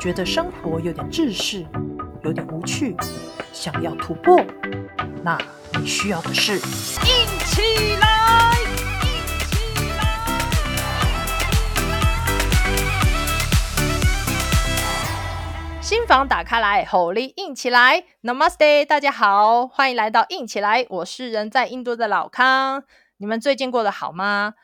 覺得生活有點窒息，有點無趣，想要突破，那你需要的是印起來、印起來、印起來。心房打開來，Holy 印起來，Namaste，大家好，歡迎來到印起來，我是人在印度的老康，你們最近過得好嗎？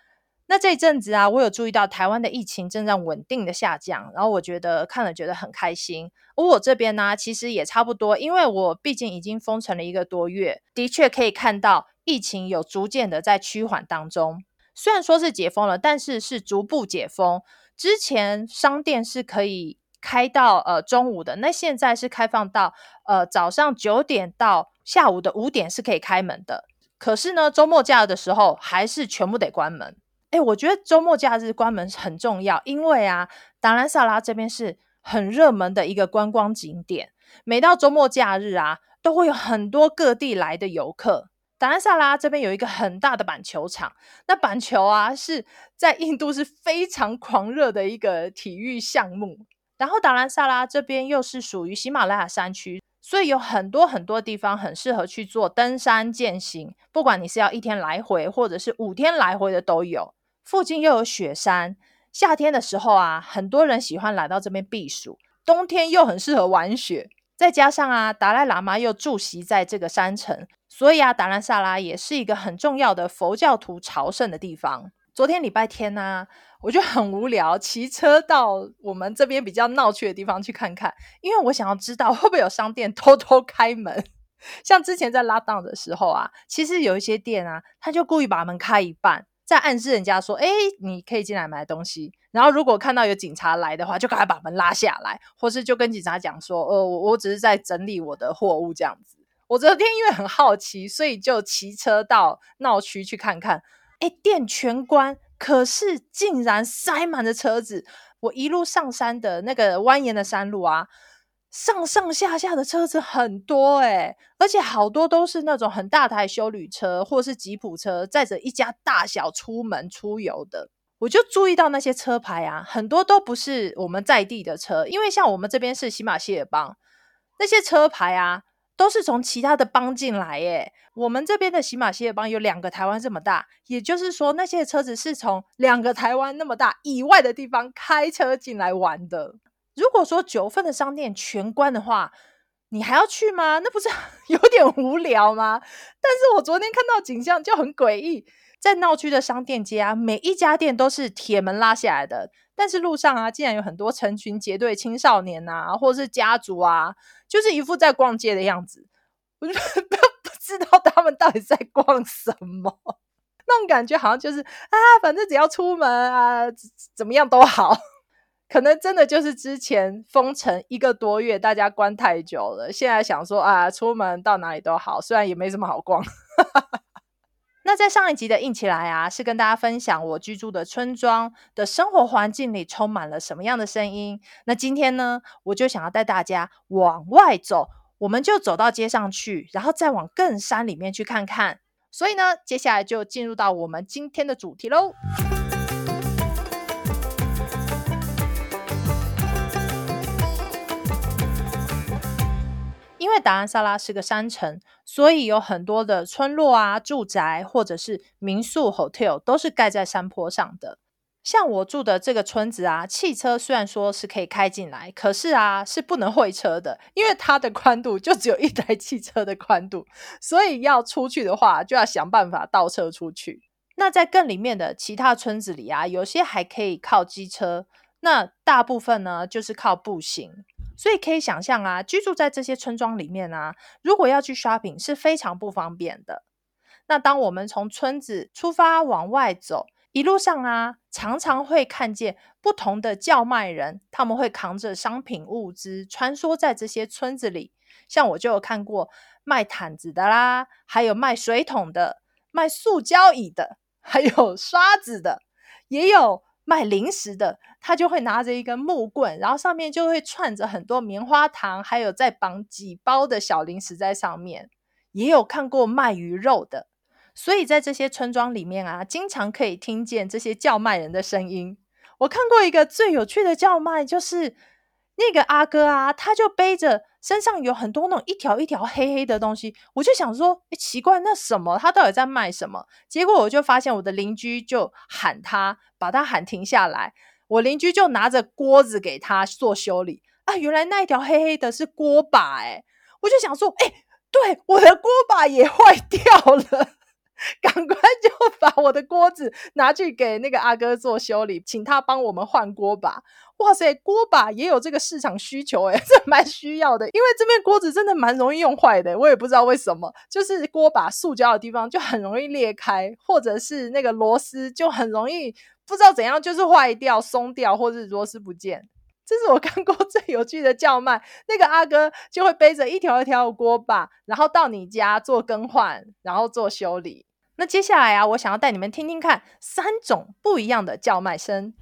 那這一陣子啊，我有注意到台灣的疫情正在穩定的下降，然後我覺得看了覺得很開心。而我這邊呢、啊，其實也差不多，因為我畢竟已經封城了一個多月，的確可以看到疫情有逐漸的在趨緩當中。雖然說是解封了，但是是逐步解封。之前商店是可以開到呃中午的，那現在是開放到呃早上九點到下午的五點是可以開門的，可是呢，週末假的時候還是全部得關門。哎、欸，我覺得周末假日關門很重要，因為啊，達蘭薩拉這邊是很熱門的一個觀光景點。每到周末假日啊，都會有很多各地來的遊客。達蘭薩拉這邊有一個很大的板球場，那板球啊是在印度是非常狂熱的一個體育項目。然後達蘭薩拉這邊又是屬於喜馬拉雅山區，所以有很多很多地方很適合去做登山健行。不管你是要一天來回，或者是五天來回的都有。附近又有雪山，夏天的時候啊，很多人喜歡來到這邊避暑；冬天又很適合玩雪。再加上啊，達賴喇嘛又駐錫在這個山城，所以啊，達蘭薩拉也是一個很重要的佛教徒朝聖的地方。昨天禮拜天呢、啊，我就很無聊，騎車到我們這邊比較鬧區的地方去看看，因為我想要知道會不會有商店偷偷開門。像之前在 lockdown 的時候啊，其實有一些店啊，他就故意把門開一半。在暗示人家說：“哎，你可以進來買東西。”然後如果看到有警察來的話，就趕快把門拉下來，或是就跟警察講說：“呃，我我只是在整理我的貨物這樣子。”我昨天因為很好奇，所以就騎車到鬧區去看看。哎，店全關，可是竟然塞滿了車子。我一路上山的那個蜿蜒的山路啊，上上下下的車子很多誒、欸、而且好多都是那種很大台休旅車，或是吉普車，載着一家大小出門出遊的。我就注意到那些車牌啊，很多都不是我們在地的車，因為像我們這邊是喜馬偕爾邦，那些車牌啊都是從其他的邦進來、欸。誒我們這邊的喜馬偕爾邦有兩個台灣這麼大，也就是說那些車子是從兩個台灣那麼大以外的地方開車進來玩的。如果說九份的商店全關的話，你還要去嗎？那不是有點無聊嗎？但是我昨天看到景象就很詭異，在鬧區的商店街啊，每一家店都是鐵門拉下來的，但是路上啊，竟然有很多成群結隊青少年啊，或者是家族啊，就是一副在逛街的樣子。我就不知道他們到底在逛什麼，那種感覺好像就是啊，反正只要出門啊，怎麼樣都好。可能真的就是之前封城一個多月，大家關太久了，現在想說啊，出門到哪裡都好，雖然也沒什麼好逛。 那在上一集的“印起來”啊，是跟大家分享我居住的村莊的生活環境裡充滿了什麼樣的聲音。那今天呢，我就想要帶大家往外走，我們就走到街上去，然後再往更山裡面去看看。所以呢，接下來就進入到我們今天的主題嘍。因為達蘭薩拉是個山城，所以有很多的村落啊、住宅或者是民宿、hotel 都是蓋在山坡上的。像我住的這個村子啊，汽車雖然說是可以開進來，可是啊是不能會車的，因為它的寬度就只有一台汽車的寬度，所以要出去的話就要想辦法倒車出去。那在更裡面的其他村子裡啊，有些還可以靠機車，那大部分呢就是靠步行。所以可以想象啊，居住在這些村莊裡面啊，如果要去 shopping 是非常不方便的。那當我們從村子出發往外走，一路上啊，常常會看見不同的叫賣人，他們會扛着商品物資穿梭在這些村子裡。像我就有看過賣毯子的啦，還有賣水桶的、賣塑膠椅的，還有刷子的，也有。賣零食的，他就會拿着一根木棍，然後上面就會串着很多棉花糖，還有再綁幾包的小零食在上面。也有看過賣魚肉的，所以在這些村莊裡面啊，經常可以聽見這些叫賣人的聲音。我看過一個最有趣的叫賣，就是。那個阿哥啊，他就背着身上有很多那種一條一條黑黑的東西，我就想說，欸，奇怪，那什麼，他到底在賣什麼？結果我就發現，我的鄰居就喊他，把他喊停下來。我鄰居就拿着鍋子給他做修理啊，原來那一條黑黑的是鍋把，欸，哎，我就想說，哎，欸，對，我的鍋把也壞掉了，趕 快就把我的鍋子拿去給那個阿哥做修理，請他幫我們換鍋把。哇塞，鍋把也有這個市場需求哎，這蠻需要的。因為這邊鍋子真的蠻容易用壞的，我也不知道為什麼，就是鍋把塑膠的地方就很容易裂開，或者是那個螺絲就很容易不知道怎樣就是壞掉、鬆掉，或者是螺絲不見。這是我看過最有趣的叫賣，那個阿哥就會背着一條一條的鍋把，然後到你家做更換，然後做修理。那接下來啊，我想要帶你們聽聽看三種不一樣的叫賣聲。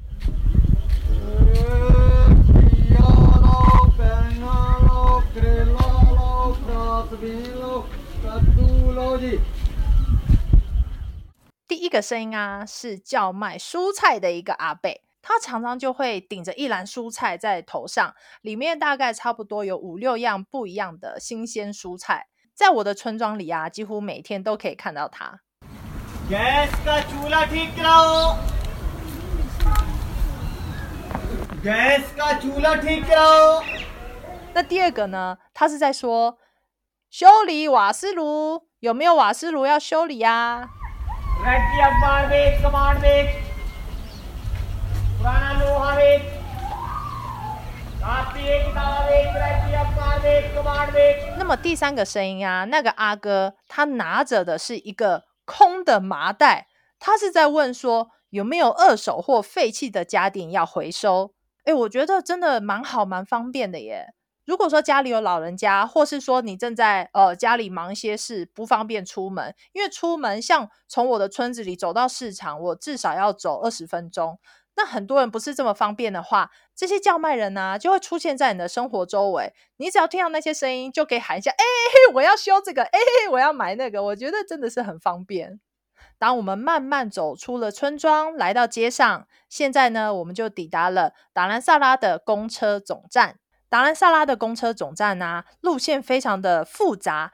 第一個聲音啊，是叫賣蔬菜的一個阿伯，他常常就會頂着一籃蔬菜在頭上，裡面大概差不多有五六樣不一樣的新鮮蔬菜。在我的村莊裡啊，幾乎每天都可以看到他。那第二個呢，他是在說。修理瓦斯爐，有沒有瓦斯爐要修理呀？啊？那麼第三個聲音啊，那個阿哥他拿着的是一個空的麻袋，他是在問說有沒有二手或廢棄的家電要回收。哎、欸，我覺得真的蠻好，蠻方便的耶。如果說家裡有老人家，或是說你正在呃家裡忙一些事，不方便出門，因為出門像從我的村子裡走到市場，我至少要走二十分鐘。那很多人不是這麼方便的話，這些叫賣人呢，就會出現在你的生活周圍。你只要聽到那些聲音，就可以喊一下：“誒嘿，我要修這個；誒嘿，我要買那個。”我覺得真的是很方便。當我們慢慢走出了村莊，來到街上，現在呢，我們就抵達了達蘭薩拉的公車總站。達蘭薩拉的公車總站呢、啊，路線非常的複雜，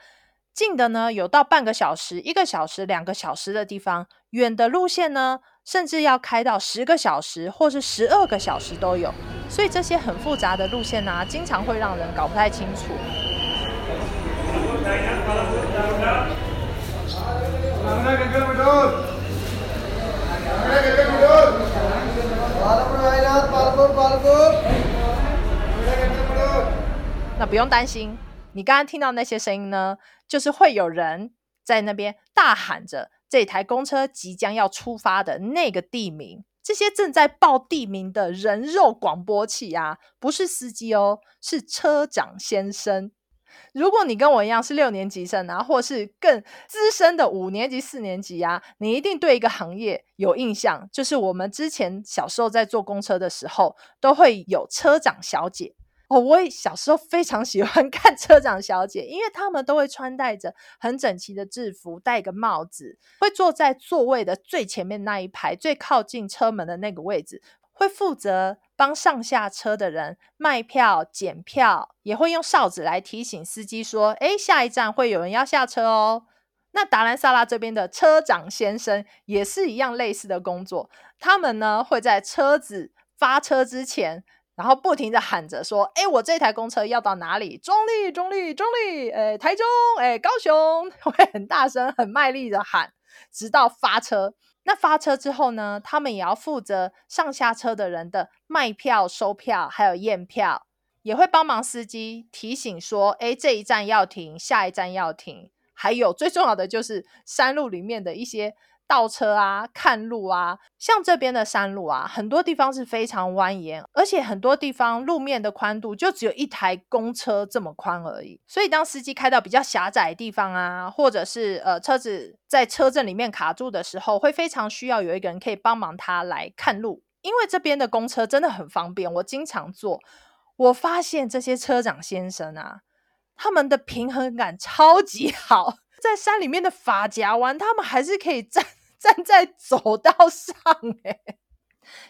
近的呢有到半個小時、一個小時、兩個小時的地方，遠的路線呢，甚至要開到十個小時或是十二個小時都有，所以這些很複雜的路線呢、啊，經常會讓人搞不太清楚。嗯嗯不用擔心，你剛剛聽到那些聲音呢，就是會有人在那邊大喊着這台公車即將要出發的那個地名。這些正在報地名的人肉廣播器啊，不是司機哦，是車掌先生。如果你跟我一樣是六年級生啊，或是更資深的五年級、四年級啊，你一定對一個行業有印象，就是我們之前小時候在坐公車的時候，都會有車掌小姐。哦，我小時候非常喜歡看車掌小姐，因為他們都會穿戴着很整齊的制服，戴個帽子，會坐在座位的最前面那一排，最靠近車門的那個位置，會負責幫上下車的人賣票、檢票，也會用哨子來提醒司機說：“哎，下一站會有人要下車哦。”那達蘭薩拉這邊的車掌先生也是一樣類似的工作，他們呢會在車子發車之前，然後不停地喊着說：“哎，我這台公車要到哪裡？中壢、中壢、中壢！哎，台中、哎，高雄，會很大聲、很賣力地喊，直到發車。那發車之後呢，他們也要負責上下車的人的賣票、收票，還有驗票，也會幫忙司機提醒說：“哎，這一站要停，下一站要停。還有最重要的就是山路裡面的一些。”倒車啊，看路啊，像這邊的山路啊，很多地方是非常蜿蜒，而且很多地方路面的寬度就只有一台公車這麼寬而已。所以當司機開到比較狹窄的地方啊，或者是呃車子在車陣裡面卡住的時候，會非常需要有一個人可以幫忙他來看路。因為這邊的公車真的很方便，我經常坐，我發現這些車掌先生啊，他們的平衡感超級好，在山裡面的髮夾彎，他們還是可以站。站在走道上，哎，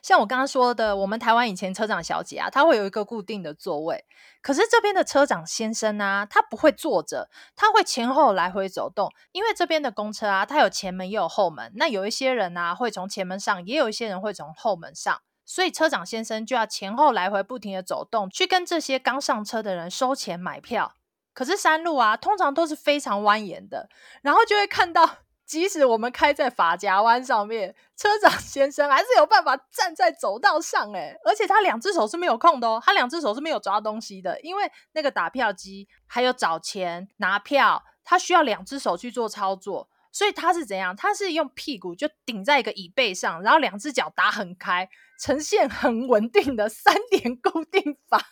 像我剛剛說的，我們台灣以前車掌小姐啊，她會有一個固定的座位。可是這邊的車掌先生啊，他不會坐着，他會前後來回走動，因為這邊的公車啊，它有前門也有後門。那有一些人啊，會從前門上；也有一些人會從後門上，所以車掌先生就要前後來回不停的走動，去跟這些剛上車的人收錢買票。可是山路啊，通常都是非常蜿蜒的，然後就會看到。即使我們開在髮夾彎上面，車掌先生還是有辦法站在走道上哎、欸，而且他兩隻手是沒有空的哦、喔，他兩隻手是沒有抓東西的，因為那個打票機還有找錢拿票，他需要兩隻手去做操作，所以他是怎樣？他是用屁股就頂在一個椅背上，然後兩隻腳打很開，呈現很穩定的三點固定法，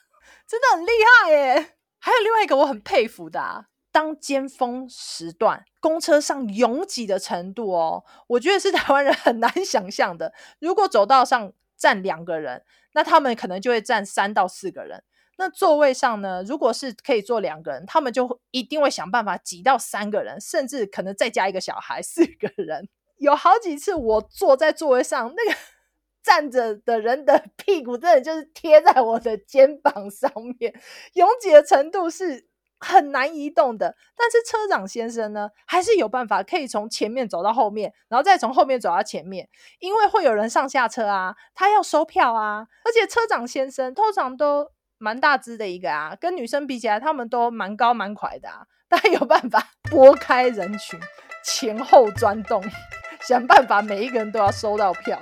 真的很厲害耶、欸！還有另外一個我很佩服的、啊。當尖峰時段，公車上擁擠的程度哦，我覺得是台灣人很難想象的。如果走道上站兩個人，那他們可能就會站三到四個人。那座位上呢，如果是可以坐兩個人，他們就一定會想辦法擠到三個人，甚至可能再加一個小孩，四個人。有好幾次我坐在座位上，那個站着的人的屁股真的就是貼在我的肩膀上面，擁擠的程度是。很難移動的，但是車掌先生呢，還是有辦法可以從前面走到後面，然後再從後面走到前面，因為會有人上下車啊，他要收票啊，而且車掌先生通常都蠻大只的一個啊，跟女生比起來，他們都蠻高蠻快的啊，他有辦法撥開人群，前後鑽動，想辦法每一個人都要收到票。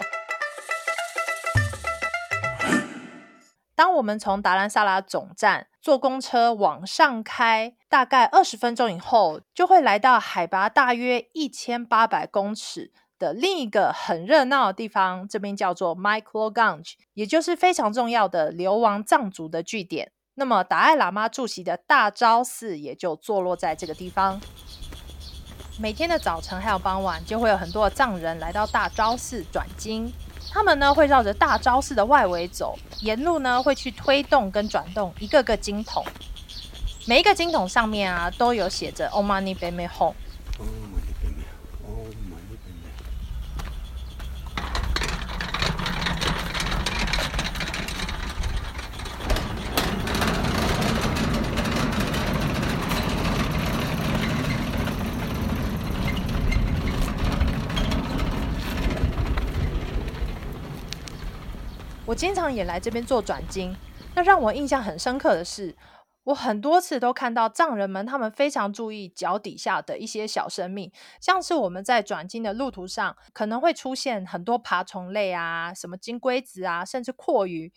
當我們從達蘭薩拉總站坐公車往上開，大概二十分鐘以後，就會來到海拔大約一千八百公尺的另一個很熱鬧的地方，這邊叫做 McLeod Ganj，也就是非常重要的流亡藏族的據點。那麼達賴喇嘛駐錫的大昭寺也就坐落在這個地方。每天的早晨還有傍晚，就會有很多的藏人來到大昭寺轉經。他們呢會繞着大昭寺的外圍走，沿路呢會去推動跟轉動一個個金桶，每一個金桶上面啊都有寫着「Om Mani Padme Hum」。我經常也來這邊做轉經，那讓我印象很深刻的是，我很多次都看到藏人們，他們非常注意腳底下的一些小生命，像是我們在轉經的路途上，可能會出現很多爬蟲類啊，什麼金龜子啊，甚至蛞蝓。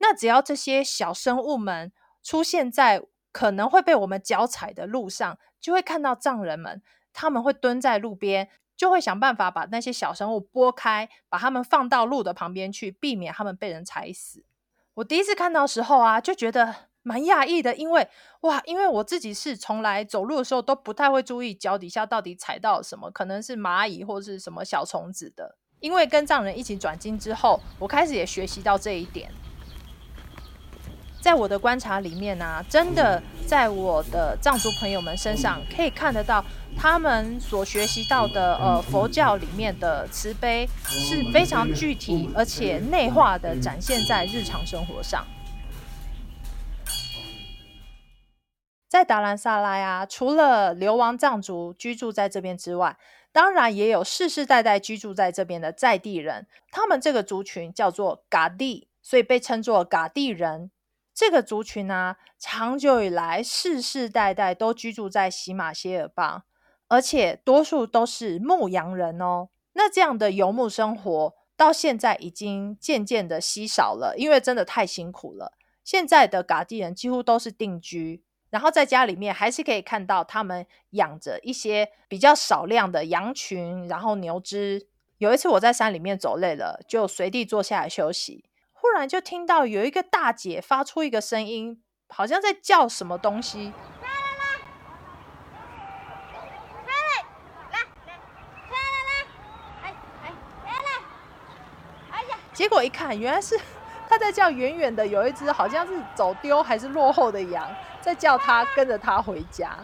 那只要這些小生物們出現在可能會被我們腳踩的路上，就會看到藏人們他們會蹲在路邊。就會想辦法把那些小生物撥開，把它們放到路的旁邊去，避免它們被人踩死。我第一次看到的時候啊，就覺得蠻訝異的，因為哇，因為我自己是從來走路的時候都不太會注意腳底下到底踩到什麼，可能是螞蟻或是什麼小蟲子的。因為跟藏人一起轉經之後，我開始也學習到這一點。在我的觀察裡面呢、啊，真的在我的藏族朋友們身上可以看得到，他們所學習到的呃佛教裡面的慈悲是非常具體，而且內化的展現在日常生活上。在達蘭薩拉啊，除了流亡藏族居住在這邊之外，當然也有世世代代居住在這邊的在地人，他們這個族群叫做噶地，所以被稱作噶地人。這個族群啊，長久以來世世代代都居住在喜馬偕爾邦，而且多數都是牧羊人哦。那這樣的游牧生活到現在已經漸漸的稀少了，因為真的太辛苦了。現在的噶地人幾乎都是定居，然後在家裡面還是可以看到他們養着一些比較少量的羊群，然後牛只。有一次我在山裡面走累了，就隨地坐下來休息。突然就聽到有一個大姐發出一個聲音，好像在叫什麼東西。來來來，來來來，來，來，來，來。結果一看，原來是他在叫，遠遠的有一隻好像是走丟還是落後的羊，在叫他，來來，跟着他回家。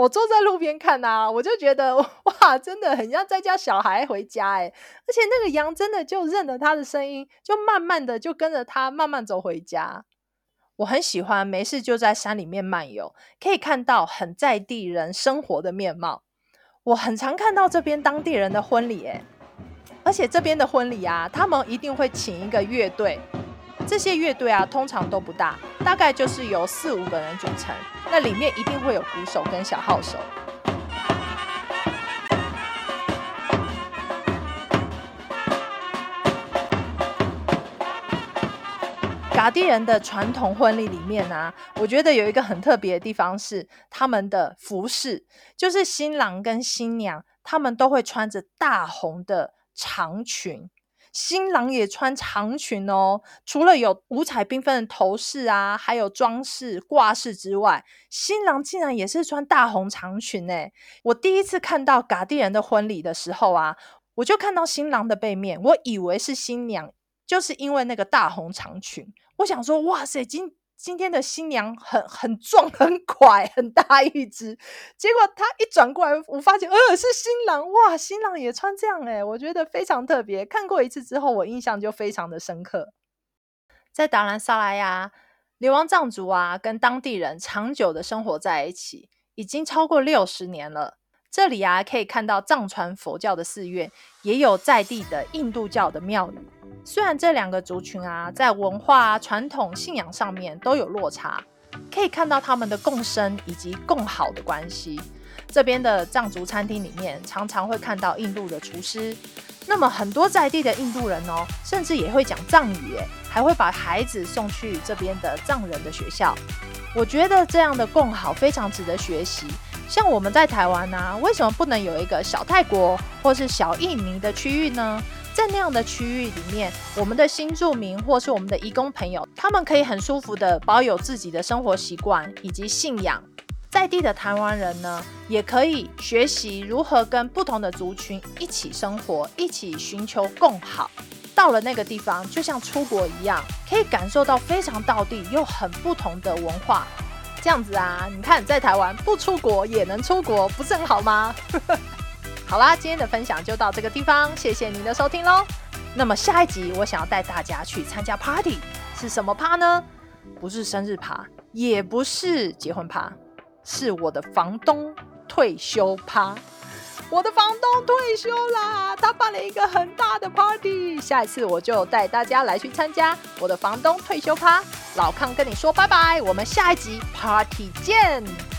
我坐在路邊看啊，我就覺得哇，真的很像在叫小孩回家哎！而且那個羊真的就認得他的聲音，就慢慢的就跟着他慢慢走回家。我很喜歡，沒事就在山裡面漫遊，可以看到很在地人生活的面貌。我很常看到這邊當地人的婚禮哎，而且這邊的婚禮啊，他們一定會請一個樂隊。這些樂隊啊，通常都不大，大概就是由四五個人組成。那裡面一定會有鼓手跟小號手。噶地人的傳統婚禮裡面啊，我覺得有一個很特別的地方是他們的服飾，就是新郎跟新娘他們都會穿着大紅的長裙。新郎也穿長裙哦，除了有五彩繽紛的頭飾啊，還有裝飾掛飾之外，新郎竟然也是穿大紅長裙誒！我第一次看到噶地人的婚禮的時候啊，我就看到新郎的背面，我以為是新娘，就是因為那個大紅長裙，我想說，哇塞，今。今天的新娘很很壯很拐很大一隻，結果他一轉過來，我發現呃是新郎哇，新郎也穿這樣誒、欸，我覺得非常特別。看過一次之後，我印象就非常的深刻。在達蘭薩拉呀，流亡藏族啊，跟當地人長久的生活在一起，已經超過六十年了。這裡啊，可以看到藏傳佛教的寺院，也有在地的印度教的廟宇。雖然這兩個族群啊，在文化、傳統、信仰上面都有落差，可以看到他們的共生以及共好的關係。這邊的藏族餐廳裡面，常常會看到印度的廚師。那麼很多在地的印度人哦，甚至也會講藏語，還會把孩子送去這邊的藏人的學校。我覺得這樣的共好非常值得學習。像我們在台灣啊，為什麼不能有一個小泰國或是小印尼的區域呢？在那樣的區域裡面，我們的新住民或是我們的移工朋友，他們可以很舒服的保有自己的生活習慣以及信仰，在地的台灣人呢，也可以學習如何跟不同的族群一起生活，一起尋求共好。到了那個地方，就像出國一樣，可以感受到非常道地又很不同的文化。這樣子啊，你看在台灣不出國也能出國，不是很好嗎？ 好啦，今天的分享就到這個地方，謝謝您的收聽嘍。那麼下一集我想要帶大家去參加 Party，是什麼趴呢？不是生日趴，也不是結婚趴，是我的房東退休趴。我的房東退休啦，他辦了一個很大的 party，下一次我就帶大家來去參加我的房東退休趴。老康跟你說拜拜，我們下一集 party 見。